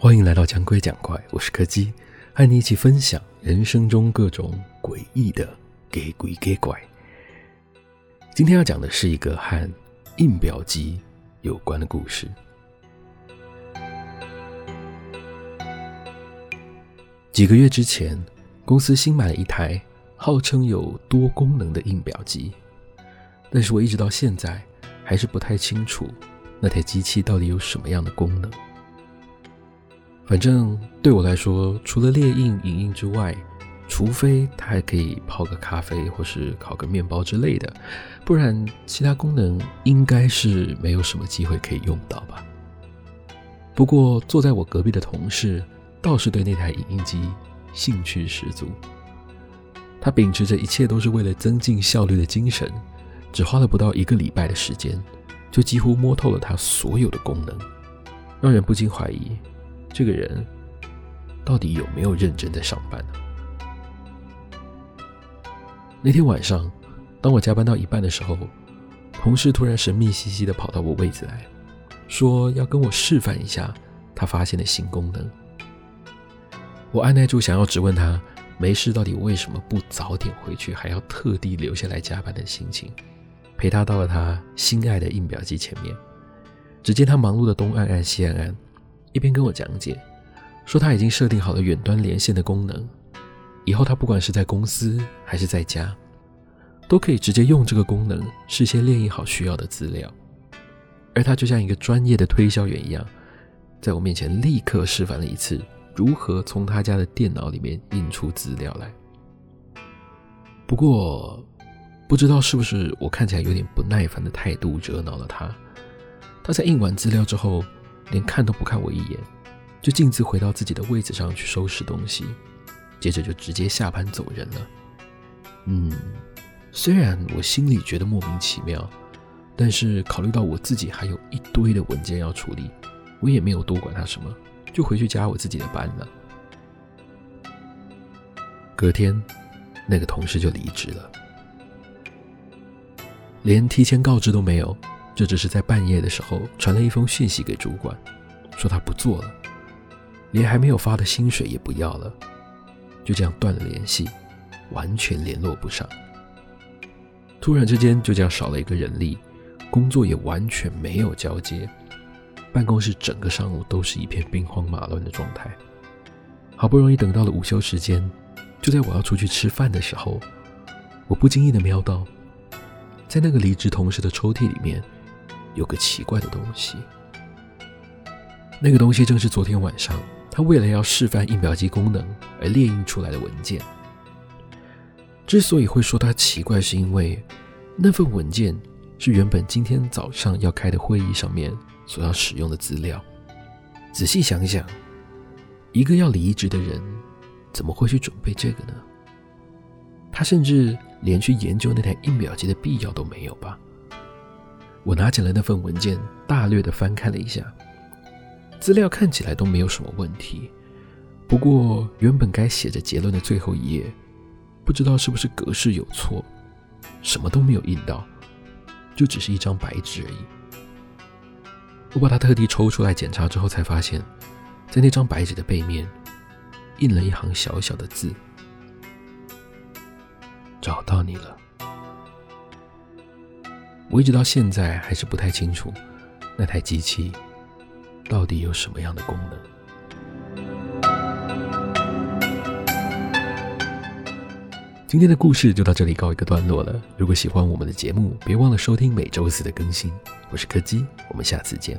歡迎來到講鬼講怪，我是柯基，和你一起分享人生中各種詭異的鬼鬼怪怪。今天要講的是一個和印表機有關的故事。幾個月之前，公司新買了一台號稱有多功能的印表機，但是我一直到現在還是不太清楚那台機器到底有什麼樣的功能。反正對我來說，除了列印影印之外，除非他還可以泡個咖啡或是烤個麵包之類的，不然其他功能應該是沒有什麼機會可以用到吧。不過坐在我隔壁的同事倒是對那台影印機興趣十足，他秉持着一切都是為了增進效率的精神，只花了不到一個禮拜的時間，就幾乎摸透了它所有的功能，讓人不禁懷疑。這個人到底有沒有認真在上班呢、啊？那天晚上，當我加班到一半的時候，同事突然神秘兮兮的跑到我位子來，說要跟我示範一下他發現的新功能。我按捺住想要質問他沒事到底為什麼不早點回去，還要特地留下來加班的心情，陪他到了他心愛的印表機前面。只見他忙碌的東按按西按按。一邊跟我講解，說他已經設定好了遠端連線的功能，以後他不管是在公司還是在家，都可以直接用這個功能事先列印好需要的資料。而他就像一個專業的推銷員一樣，在我面前立刻示範了一次如何從他家的電腦裡面印出資料來。不過，不知道是不是我看起來有點不耐煩的態度惹惱了他，他在印完資料之後。連看都不看我一眼，就徑自回到自己的位子上去收拾東西，接着就直接下班走人了。嗯，雖然我心裡覺得莫名其妙，但是考慮到我自己還有一堆的文件要處理，我也沒有多管他什麼，就回去加我自己的班了。隔天，那個同事就離職了，連提前告知都沒有。這只是在半夜的時候，傳了一封訊息給主管，說他不做了，連還沒有發的薪水也不要了，就這樣斷了聯繫，完全聯絡不上。突然之間就這樣少了一個人力，工作也完全沒有交接，辦公室整個上午都是一片兵荒馬亂的狀態。好不容易等到了午休時間，就在我要出去吃飯的時候，我不經意地瞄到，在那個離職同事的抽屜裡面。有個奇怪的東西，那個東西正是昨天晚上他為了要示範印表機功能而列印出來的文件。之所以會說他奇怪，是因為那份文件是原本今天早上要開的會議上面所要使用的資料。仔細想想，一個要離職的人怎麼會去準備這個呢？他甚至連去研究那台印表機的必要都沒有吧？我拿起來那份文件，大略地翻看了一下，資料看起來都沒有什麼問題。不過，原本該寫着結論的最後一頁，不知道是不是格式有錯，什麼都沒有印到，就只是一張白紙而已。我把它特地抽出來檢查之後，才發現，在那張白紙的背面，印了一行小小的字：“找到你了。”我一直到現在還是不太清楚，那台機器到底有什麼樣的功能。今天的故事就到這裡告一個段落了。如果喜歡我們的節目，別忘了收聽每週四的更新。我是柯基，我們下次見。